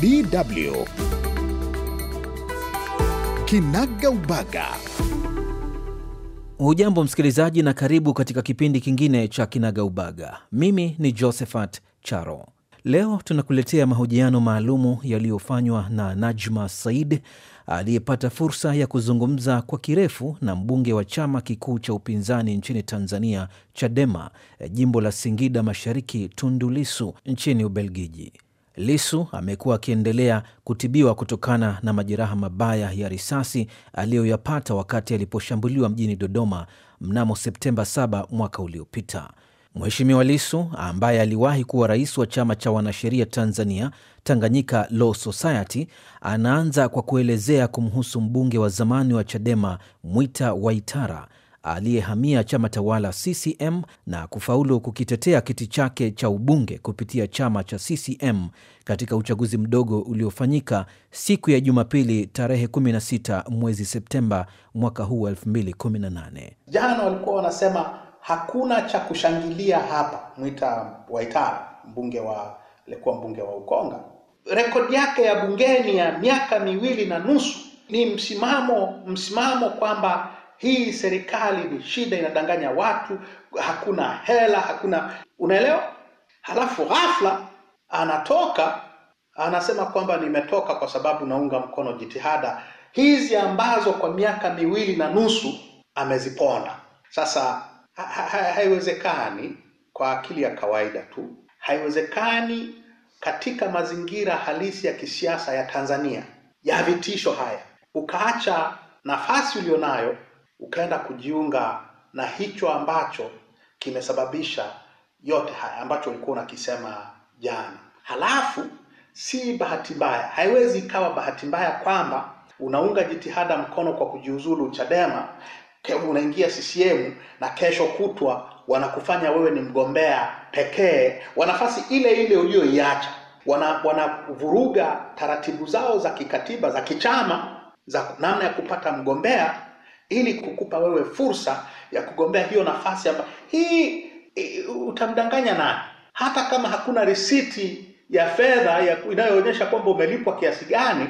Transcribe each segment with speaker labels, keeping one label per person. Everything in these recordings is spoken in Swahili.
Speaker 1: BW. Kinaga Ubaga. Hujambo msikilizaji, na karibu katika kipindi kingine cha Kinaga Ubaga. Mimi ni Josephat Charo. Leo tunakuletea mahojiano maalumu yaliyofanywa na Najma Said aliyepata fursa ya kuzungumza kwa kirefu na mbunge wa chama kikuu cha upinzani nchini Tanzania, Chadema, jimbo la Singida Mashariki, tundulisu nchini Ubelgiji. Lisu amekuwa akiendelea kutibiwa kutokana na majeraha mabaya ya risasi aliyoyapata wakati aliposhambuliwa mjini Dodoma mnamo Septemba 7 mwaka uliopita. Mheshimiwa Lisu ambaye aliwahi kuwa rais wa chama cha wanasheria Tanzania, Tanganyika Law Society, anaanza kwa kuelezea kumhusu mbunge wa zamani wa Chadema Mwita Waitara aliyehamia chama tawala CCM na kufaulu kukitetea kiti chake cha ubunge kupitia chama cha CCM katika uchaguzi mdogo uliofanyika siku ya Jumapili tarehe 16 mwezi Septemba mwaka huu 2018.
Speaker 2: Jana walikuwa wanasema hakuna cha kushangilia hapa. Mwita Waitara mbunge wa alikuwa mbunge wa Ukonga, rekodi yake ya bungeni ya miaka miwili na nusu ni msimamo msimamo kwamba hii serikali ni shida, inadanganya watu, hakuna hela, hakuna unaelewa. Halafu ghafla anatoka anasema kwamba nimetoka kwa sababu naunga mkono jitihada hizi ambazo kwa miaka miwili na nusu ameziponda. Sasa haiwezekani ha, haiwezekani kwa akili ya kawaida tu haiwezekani katika mazingira halisi ya kisiasa ya Tanzania ya vitisho haya ukaacha nafasi ulionayo ukaenda kujiunga na hicho ambacho kimesababisha yote haya ambacho ulikuwa unakisema jana. Halafu si bahati mbaya, haiwezi ikawa bahati mbaya kwamba unaunga jitihada mkono kwa kujiuzulu Chadema, unaingia CCM na kesho kutwa wanakufanya wewe ni mgombea pekee wa nafasi ile ile uliyoiacha. Wana wanavuruga taratibu zao za kikatiba za kichama za namna ya kupata mgombea ili kukupa wewe fursa ya kugombea hiyo nafasi ambayo hii, utamdanganya nani? Hata kama hakuna risiti ya fedha inayoonyesha kwamba umelipwa kiasi gani,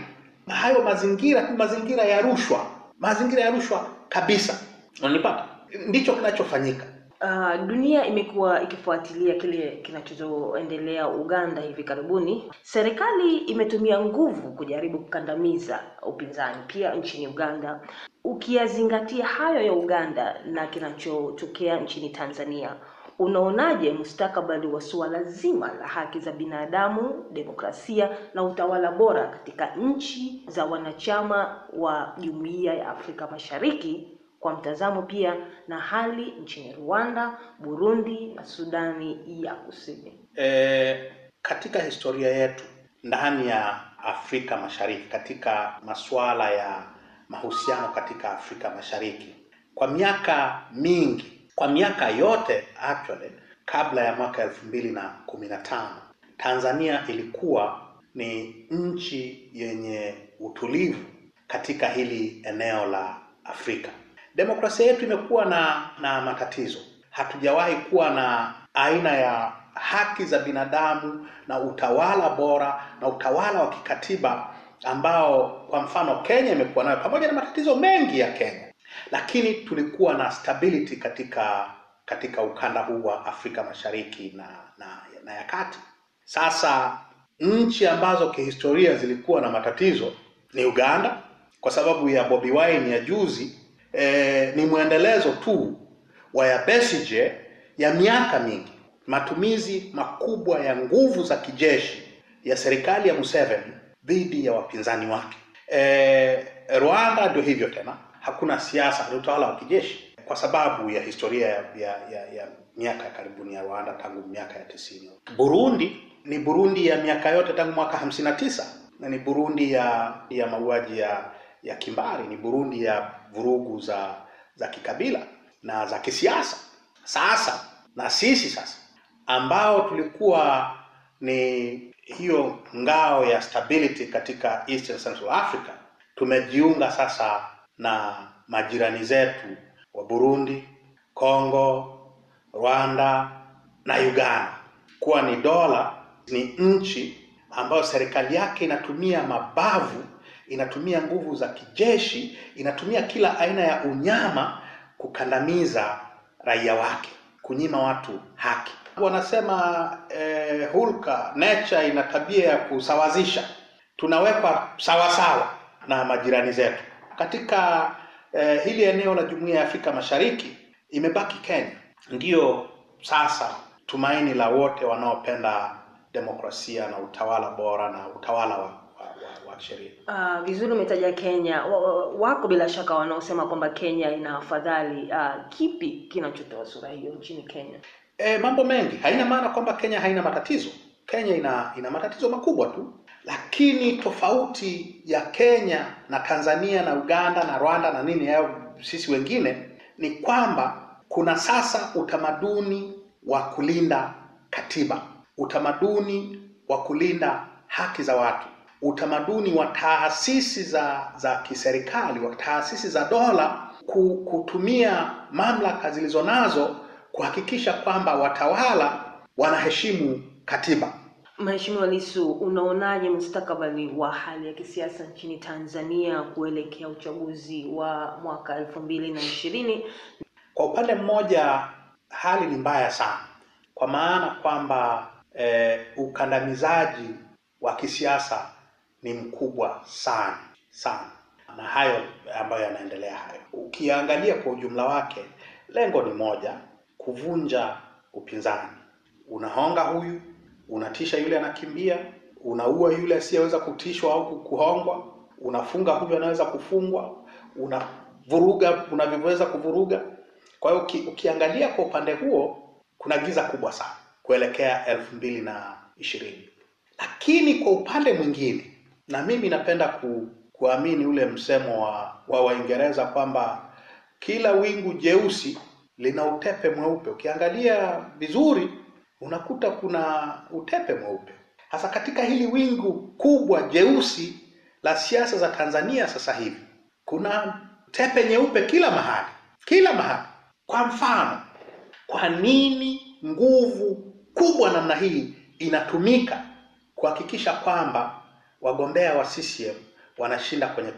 Speaker 2: hayo mazingira mazingira ya rushwa, mazingira ya rushwa kabisa. Unanipata? Ndicho kinachofanyika.
Speaker 3: Uh, dunia imekuwa ikifuatilia kile kinachoendelea Uganda hivi karibuni. Serikali imetumia nguvu kujaribu kukandamiza upinzani pia nchini Uganda. Ukiyazingatia hayo ya Uganda na kinachotokea nchini Tanzania, unaonaje mustakabali wa suala zima la haki za binadamu, demokrasia na utawala bora katika nchi za wanachama wa Jumuiya ya Afrika Mashariki kwa mtazamo pia na hali nchini Rwanda, Burundi na Sudani ya Kusini.
Speaker 2: E, katika historia yetu ndani ya Afrika Mashariki katika masuala ya mahusiano katika Afrika Mashariki kwa miaka mingi, kwa miaka yote actually, kabla ya mwaka elfu mbili na kumi na tano Tanzania ilikuwa ni nchi yenye utulivu katika hili eneo la Afrika. Demokrasia yetu imekuwa na na matatizo. Hatujawahi kuwa na aina ya haki za binadamu na utawala bora na utawala wa kikatiba ambao kwa mfano Kenya imekuwa nayo, pamoja na matatizo mengi ya Kenya, lakini tulikuwa na stability katika katika ukanda huu wa Afrika Mashariki na na, na ya Kati. Sasa nchi ambazo kihistoria zilikuwa na matatizo ni Uganda kwa sababu ya Bobi Wine ya juzi e, ni mwendelezo tu wa ya Besigye ya miaka mingi. Matumizi makubwa ya nguvu za kijeshi ya serikali ya Museveni dhidi ya wapinzani wake. E, Rwanda ndio hivyo tena, hakuna siasa, ni utawala wa kijeshi kwa sababu ya historia ya ya, ya miaka ya karibuni ya Rwanda tangu miaka ya tisini. Burundi ni Burundi ya miaka yote tangu mwaka hamsini na tisa na ni Burundi ya ya mauaji ya ya kimbari, ni Burundi ya vurugu za za kikabila na za kisiasa. Sasa na sisi sasa ambao tulikuwa ni hiyo ngao ya stability katika eastern Central Africa, tumejiunga sasa na majirani zetu wa Burundi, Kongo, Rwanda na Uganda kuwa ni dola, ni nchi ambayo serikali yake inatumia mabavu inatumia nguvu za kijeshi, inatumia kila aina ya unyama kukandamiza raia wake, kunyima watu haki. Wanasema eh, hulka nature ina tabia ya kusawazisha, tunawekwa sawasawa na majirani zetu. Katika eh, hili eneo la Jumuiya ya Afrika Mashariki imebaki Kenya ndiyo sasa tumaini la wote wanaopenda demokrasia na utawala bora na utawala wa sheria.
Speaker 3: Uh, vizuri umetaja Kenya. Wako bila shaka wanaosema kwamba Kenya ina afadhali. Uh, kipi kinachotoa sura hiyo nchini Kenya?
Speaker 2: E, mambo mengi. Haina maana kwamba Kenya haina matatizo. Kenya ina ina matatizo makubwa tu, lakini tofauti ya Kenya na Tanzania na Uganda na Rwanda na nini yao sisi wengine ni kwamba kuna sasa utamaduni wa kulinda katiba, utamaduni wa kulinda haki za watu, utamaduni wa taasisi za za kiserikali wa taasisi za dola kutumia mamlaka zilizo nazo kuhakikisha kwamba watawala wanaheshimu katiba.
Speaker 3: Mheshimiwa Lissu, unaonaje mustakabali wa hali ya kisiasa nchini Tanzania kuelekea uchaguzi wa mwaka elfu mbili na ishirini? Kwa upande mmoja
Speaker 2: hali ni mbaya sana, kwa maana kwamba eh, ukandamizaji wa kisiasa ni mkubwa sana sana, na hayo ambayo yanaendelea hayo, ukiangalia kwa ujumla wake, lengo ni moja, kuvunja upinzani. Unahonga huyu, unatisha yule anakimbia, unaua yule asiyeweza kutishwa au kuhongwa, unafunga huyu anaweza kufungwa, unavuruga unavyoweza kuvuruga. Kwa hiyo uki, ukiangalia kwa upande huo kuna giza kubwa sana kuelekea elfu mbili na ishirini, lakini kwa upande mwingine na mimi napenda ku, kuamini ule msemo wa, wa Waingereza kwamba kila wingu jeusi lina utepe mweupe. Ukiangalia vizuri unakuta kuna utepe mweupe. Hasa katika hili wingu kubwa jeusi la siasa za Tanzania sasa hivi kuna tepe nyeupe kila mahali, kila mahali. Kwa mfano, kwa nini nguvu kubwa namna hii inatumika kuhakikisha kwamba wagombea wa CCM wanashinda kwenye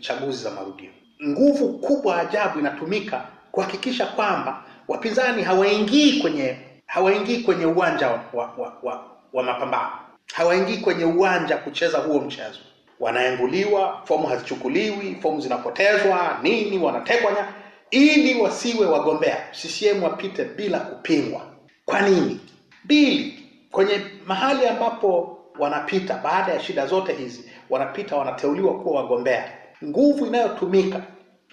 Speaker 2: chaguzi za marudio. Nguvu kubwa ajabu inatumika kuhakikisha kwamba wapinzani hawaingii kwenye hawaingii kwenye uwanja wa, wa, wa, wa mapambano, hawaingii kwenye uwanja kucheza huo mchezo. Wanaenguliwa, fomu hazichukuliwi, fomu zinapotezwa, nini, wanatekwa nya ili wasiwe wagombea CCM wapite bila kupingwa. Kwa nini? bili kwenye mahali ambapo wanapita baada ya shida zote hizi, wanapita wanateuliwa kuwa wagombea. Nguvu inayotumika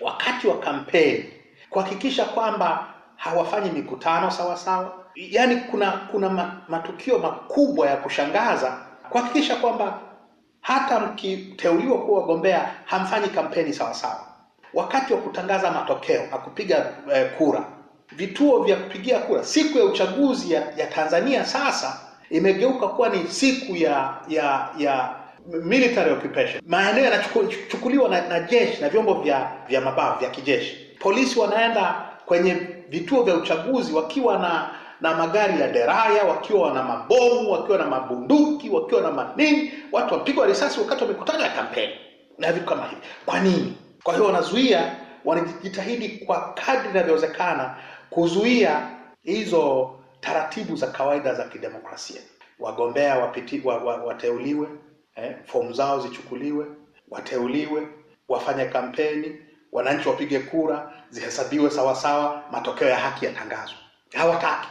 Speaker 2: wakati wa kampeni kuhakikisha kwamba hawafanyi mikutano sawa sawa, yaani kuna kuna matukio makubwa ya kushangaza kuhakikisha kwamba hata mkiteuliwa kuwa wagombea hamfanyi kampeni sawa sawa. Wakati wa kutangaza matokeo na kupiga eh, kura, vituo vya kupigia kura siku ya uchaguzi ya, ya Tanzania sasa imegeuka kuwa ni siku ya ya ya military occupation. Maeneo yanachukuliwa na, na jeshi na vyombo vya vya mabavu vya kijeshi. Polisi wanaenda kwenye vituo vya uchaguzi wakiwa na na magari ya deraya, wakiwa na mabomu, wakiwa na mabunduki, wakiwa na manini, watu wapigwa risasi wakati wa mikutano ya kampeni na vitu kama hivi. Kwa nini? Kwa hiyo wanazuia, wanajitahidi kwa kadri inavyowezekana kuzuia hizo taratibu za kawaida za kidemokrasia. Wagombea wapiti, wa, wa, wateuliwe eh, fomu zao zichukuliwe, wateuliwe, wafanye kampeni, wananchi wapige kura, zihesabiwe sawasawa, matokeo ya haki yatangazwe. Hawataki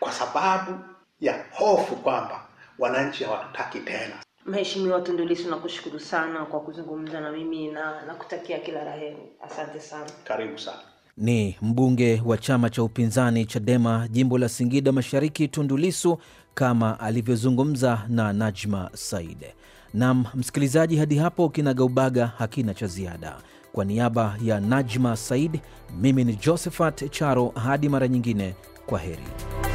Speaker 2: kwa sababu ya hofu kwamba wananchi hawataki tena.
Speaker 3: Mheshimiwa Tundu Lissu, nakushukuru sana kwa kuzungumza na mimi na nakutakia kila la heri. Asante sana, karibu sana.
Speaker 1: Ni mbunge wa chama cha upinzani Chadema jimbo la Singida Mashariki, Tundu Lissu, kama alivyozungumza na Najma Said. Nam msikilizaji, hadi hapo kinagaubaga hakina cha ziada. Kwa niaba ya Najma Said, mimi ni Josephat Charo. Hadi mara nyingine, kwa heri.